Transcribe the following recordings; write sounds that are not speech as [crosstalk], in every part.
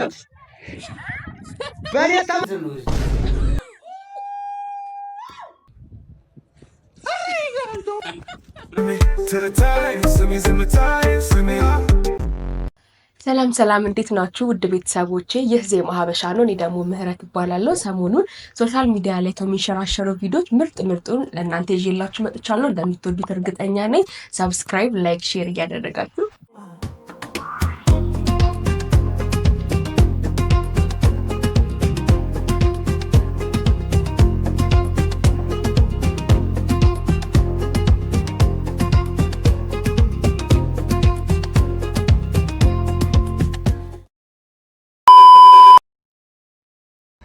አትታከም። ሰላም ሰላም፣ እንዴት ናችሁ ውድ ቤተሰቦቼ? ይህ ዜማ ሀበሻ ነው። እኔ ደግሞ ምህረት እባላለሁ። ሰሞኑን ሶሻል ሚዲያ ላይ ከሚንሸራሸሩ ቪዲዮዎች ምርጥ ምርጡን ለእናንተ ይዤላችሁ መጥቻለሁ። እንደምትወዱት እርግጠኛ ነኝ። ሰብስክራይብ፣ ላይክ፣ ሼር እያደረጋችሁ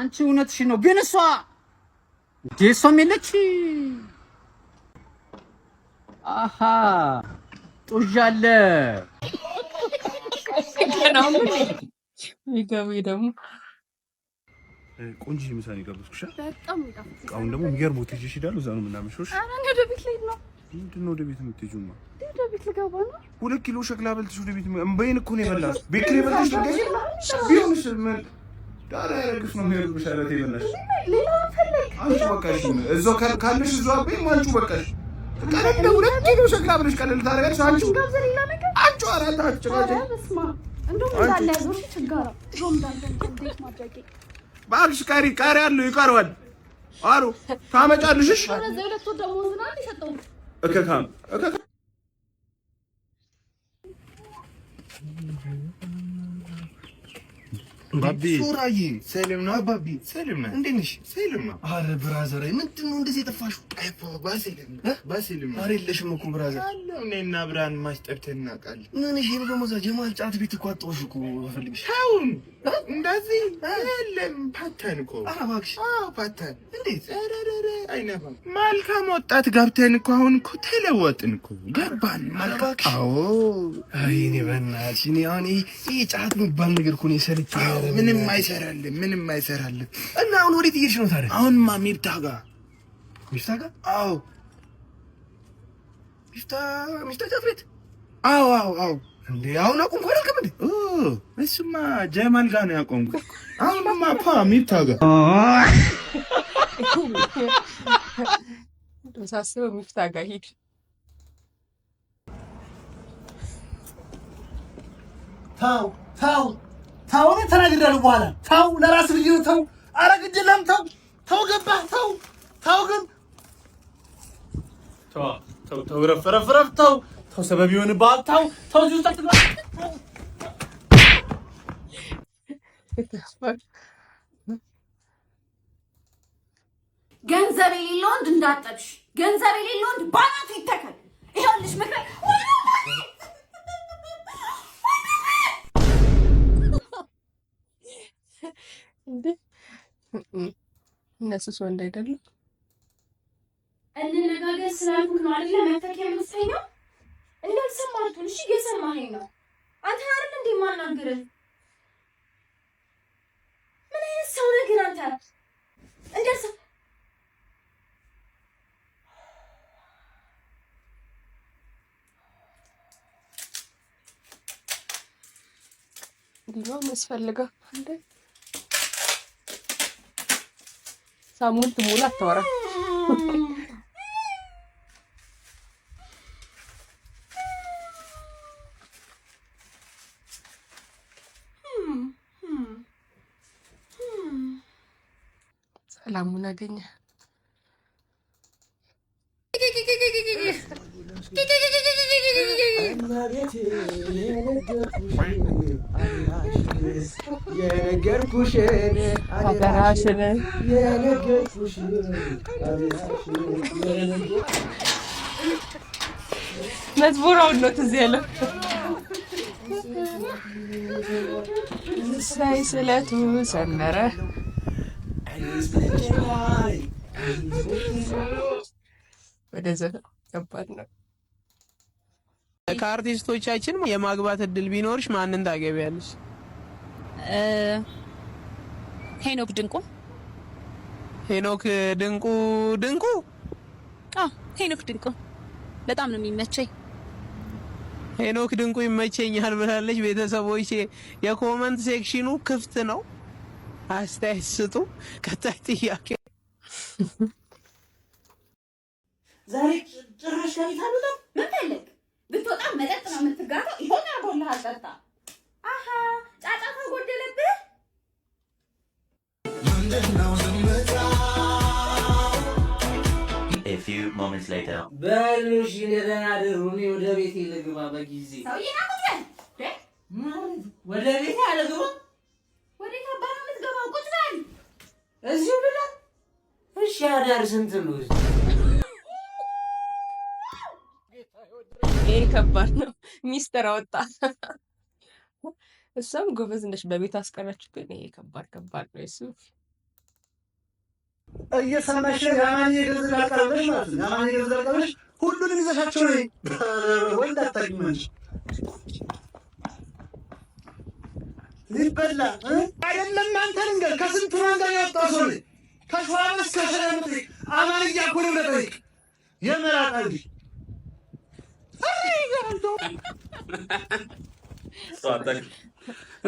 አንቺ እውነትሽ ነው ግን እሷ እንዴ እሷም የለች። አሃ ጦዣለ ሚገቢ ደግሞ ቆንጆ ምሳ ነው የጋበዝኩሽ። አሁን ደግሞ የሚገርም ሆቴል ይሄዳል። እዛ ነው የምናመሸው። ወደ ቤት ልሄድ ነው። ምንድን ነው ወደ ቤት የምትሄጂውማ? ወደ ቤት ልገባ ነው። ሁለት ኪሎ ሸክላ በልተሽ ወደ ቤት እምበይን እኮ ነው የበላሽ። ቤት ኪሎ በልተሽ ቢሆንስ ምን ዳር ያረግፍ ነው የሚሄዱ ብሻለት ይበላሽ ሌላ ፈለግ አንቺ በቃሽ። እዛው ካለሽ እዛው አቤም አንቺ በቃሽ። ቀለል ሁለት ኪሎ ሸክላ ብለሽ ቀለል ታደርጋለሽ። አንቺ አንቺ አራት አጭቃጭ ባክሽ ቀሪ ቀሪ አለው ይቀረዋል አሉ ታመጫልሽሽ እከካም ባቢ ሱራዬ ሰላም ነው። አባቢ ሰላም ነው። እንዴት ነሽ? ሰላም ነው። አረ ብራዘር፣ ምንድን ነው እንደዚህ የጠፋሽው? የለሽም እኮ ብራዘር። እኔና ብርሃን ማስጠርተን እናውቃለን። ምን ይሄ በሞዛ ጀማል ጫት ቤት እኮ አጣሁሽ እኮ ፈልግሽ። አሁን እንደዚህ የለም ፓተን እኮ እባክሽ። አዎ ፓታን እንዴት መልካም ወጣት ገብተን እኮ አሁን እኮ ተለወጥን እኮ ገባን። ይኔ በናትሽ እኔ አሁን ይህ ጫት የሚባል ነገር እኮ ሰልች ምንም አይሰራልም፣ ምንም አይሰራልም። እና አሁን ወዴት እየሄድሽ ነው ታዲያ? አሁንማ ሚፍታ ጋ ሚፍታ ጋ አዎ፣ ሚፍታ ሚፍታ ጫት ቤት አዎ፣ አዎ፣ አዎ እንዴ አሁን አቁም አላልክም እንዴ? እሱማ ጀማል ጋ ነው ያቆምኩት። አሁንማ ፓ ሚፍታ ጋ [laughs] ሳስበው ሚፍታ ጋር ሂድ። ተው ተው ተው፣ እኔ ተናግሬያለሁ። በኋላ ተው፣ ለራስህ ብዬ ነው። ተው፣ ኧረ ግድ የለም ተው፣ ተው፣ ገባህ? ተው ተው፣ ግን ተው ተው፣ ረፍ ረፍ ረፍ፣ ተው ተው፣ ሰበብ ይሆንብሃል። ተው ተው እንዳጠብሽ ገንዘብ የሌለ ወንድ ባናቱ ይተካል። ይኸውልሽ ምክረ እነሱ ሰው እንዳይደለም እንነጋገር ስላልኩት ነው አይደለ? ነው። የምትሰኘው እንዳልሰማሁትን። እሺ እየሰማኸኝ ነው አንተ አይደል እንዴ? ማናገርን ምን አይነት ሰው ነህ ግን አንተ እንዲህ ነው የሚያስፈልገው። እንደ ሳሙንት ሙሉ አታወራ። ሰላሙን አገኘ። እመቤቴ የነገርኩሽን አደራሽን የነገርኩሽን መዝሙር አሁን ነው ትዝ ያለው። ሳይ ስለቱ ሰመረ ወደ ዘፈን ከባድ ነው። ከአርቲስቶቻችን የማግባት እድል ቢኖርሽ ማንን ታገቢያለሽ? ሄኖክ ድንቁ። ሄኖክ ድንቁ ድንቁ? አዎ ሄኖክ ድንቁ በጣም ነው የሚመቸኝ። ሄኖክ ድንቁ ይመቸኛል ብላለች። ቤተሰቦች የኮመንት ሴክሽኑ ክፍት ነው፣ አስተያየት ስጡ። ቀጣይ ጥያቄ ዛሬ ጭራሽ ለቤት አሉላ ምን ፈለግ ብትወጣም መጠጥ ነው የምትጋተው። ይሆን ያርጎልሃል። ጠጣ። አሀ ጫጫታ ጎደለብህ። በሉ እሺ፣ ደሩ። እኔ ወደ ቤቴ ልግባ በጊዜ ወደ ቤቴ አልገባ ወዴት አባራ የምትገባው? ቁጭ በል እዚሁ ብላ። እሺ አዳር ስንት ይሄ ከባድ ነው። ሚስተር አወጣ። እሷም ጎበዝ ነች፣ በቤት አስቀረች። ግን ይሄ ከባድ ከባድ ነው። እሱ እየሰማሽ ያማን የገዝ ላቀርብሽ ማለት ነው። ያማን የገዝ ላቀርብሽ ሁሉንም ይዘሻቸው ነው ወንድ አታግመንሽ ሊበላ አይደለም አንተ ልንገር ከስንቱ ማንጋ ያወጣ ሰው ከሸዋ መስከሸ አማን እያኮነ ለጠይቅ የመራጣ እንዲህ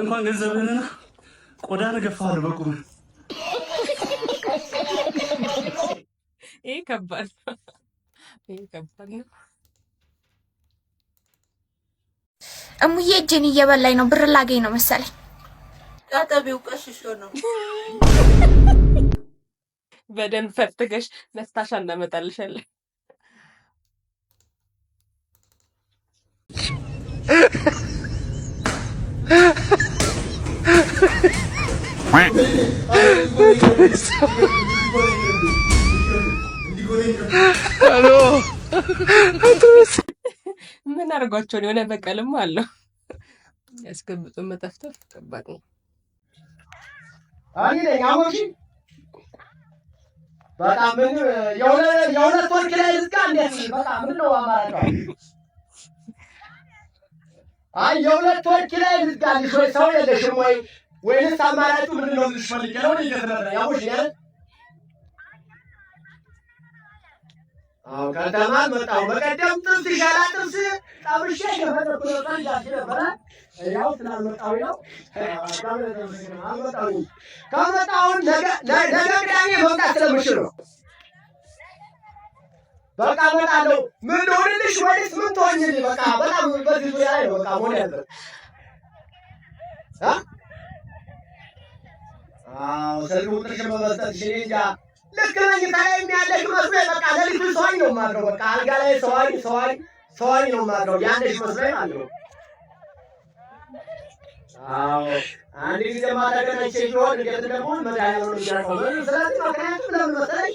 እንኳን ገንዘብህንና ቆዳ ነገፋል በቁም ይህ ከባድ ነው። እሙዬ እጄን እየበላኝ ነው። ብር ላገኝ ነው መሰለኝ። ጣጠቢው ቀሽሾ ነው። በደንብ ፈትገሽ መፍታሻ እናመጣልሻለን። ምን አድርጓቸውን የሆነ በቀልም አለው ያስገብጡ መጠፍተፍ ከባድ ነው። በጣም ምን የሁለት ወርቅ ላይ ዝጋ እንዴት በጣም ምን ነው አማራ አይ የሁለት ወር ኪራይ ልትጋልሽ ወይ ሰው የለሽም ወይ ወይንስ አማራጩ ምንድን ነው የምትፈልጊ ነው? እየተመረ ያውሽ ያል አዎ ከተማ መጣሁ። በቀደም ጥብስ ይሻላል ጥብስ ጠብሼ የፈጠኩ ጃሲ ነበረ። ያው ስላልመጣሁ ነው አልመጣሁ። ነገ ቅዳሜ መምጣት ስለምችል ነው። በቃ እመጣለሁ። ምን ልሆንልሽ ወይስ ምን ትሆኝልኝ? በቃ በጣም በዚህ ዙሪያ ላይ ነው በቃ መሆን ያለበት። አዎ ሰርግ ውጥሽን በመስጠትሽ እኔ እንጃ። ልክ መኝታ ላይ የሚያለሽ መስሎኝ በቃ ለልጁ ሰዋኝ ነው የማድረው። በቃ አልጋ ላይ ሰዋኝ ሰዋኝ ሰዋኝ ነው የማድረው። ያለሽ መስሎኝ ማለት ነው። አዎ አንድ ጊዜ ማታገናኝ ሲሆን እንዴት እንደሆን መድኃኒዓለም ነው የሚያውቀው። ስለዚህ ምክንያቱም ለምን መሰለሽ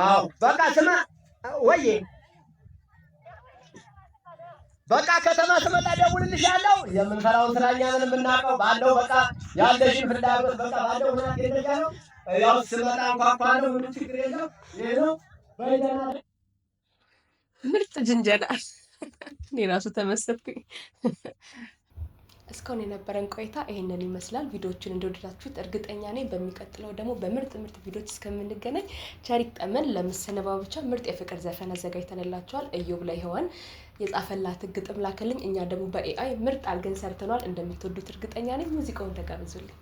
አዎ በቃ ስማ ወይ በቃ ከተማ ስመጣ ደውልልሻለሁ። የምንሰራውን ስራ እኛ ምን የምናውቀው ባለው በቃ ያለሽን ፍላጎት በቃ ባለው ምናምን የተጋ ነው። ያው ስመጣ እንኳኳለሁ። ምንም ችግር የለው። ይሄ በይደና ምርጥ ጅንጀላ እኔ ራሱ ተመሰብኩኝ። እስካሁን የነበረን ቆይታ ይሄንን ይመስላል። ቪዲዮዎችን እንደወደዳችሁት እርግጠኛ ነኝ። በሚቀጥለው ደግሞ በምርጥ ምርጥ ቪዲዮች እስከምንገናኝ ቸሪክ ጠመን ለመሰነባበቻ ምርጥ የፍቅር ዘፈን አዘጋጅተንላቸዋል። እዮብ ላይ ሔዋን የጻፈላት ግጥም ላክልኝ። እኛ ደግሞ በኤአይ ምርጥ አድርገን ሰርተኗል። እንደምትወዱት እርግጠኛ ነኝ። ሙዚቃውን ተጋብዙልኝ።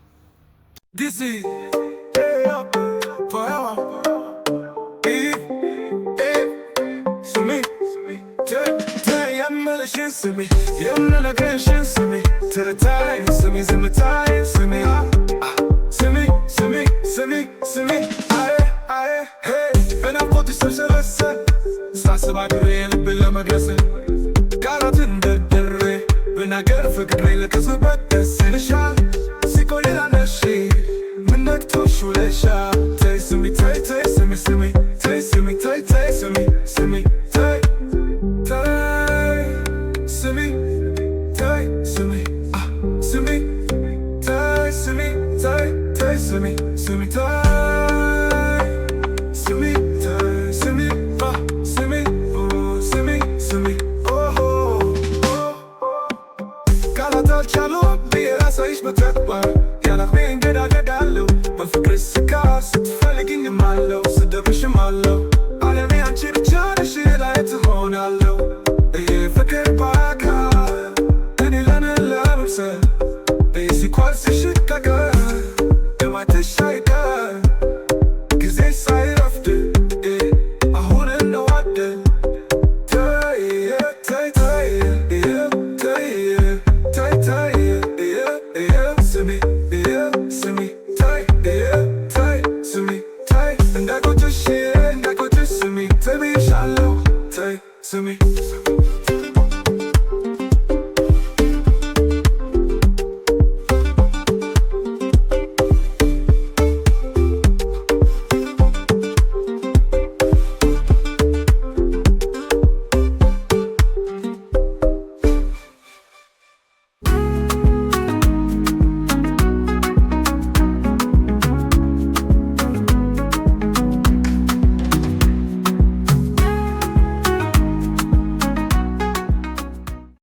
Forever, ልልሽን ስሚ፣ የምንለቅሽን ስሚ፣ ትርታይ ስሚ፣ ዝምታይ ስሚ፣ ስሚ፣ ስሚ፣ ስሚ፣ ስሚ፣ አየ አየ በናፍቆትሽ ተሸረሰ ሳስብ አድሬ ልብን ለመድረስ ቃላትን ደርድሬ ብናገር ፍቅሬ ልቅስበት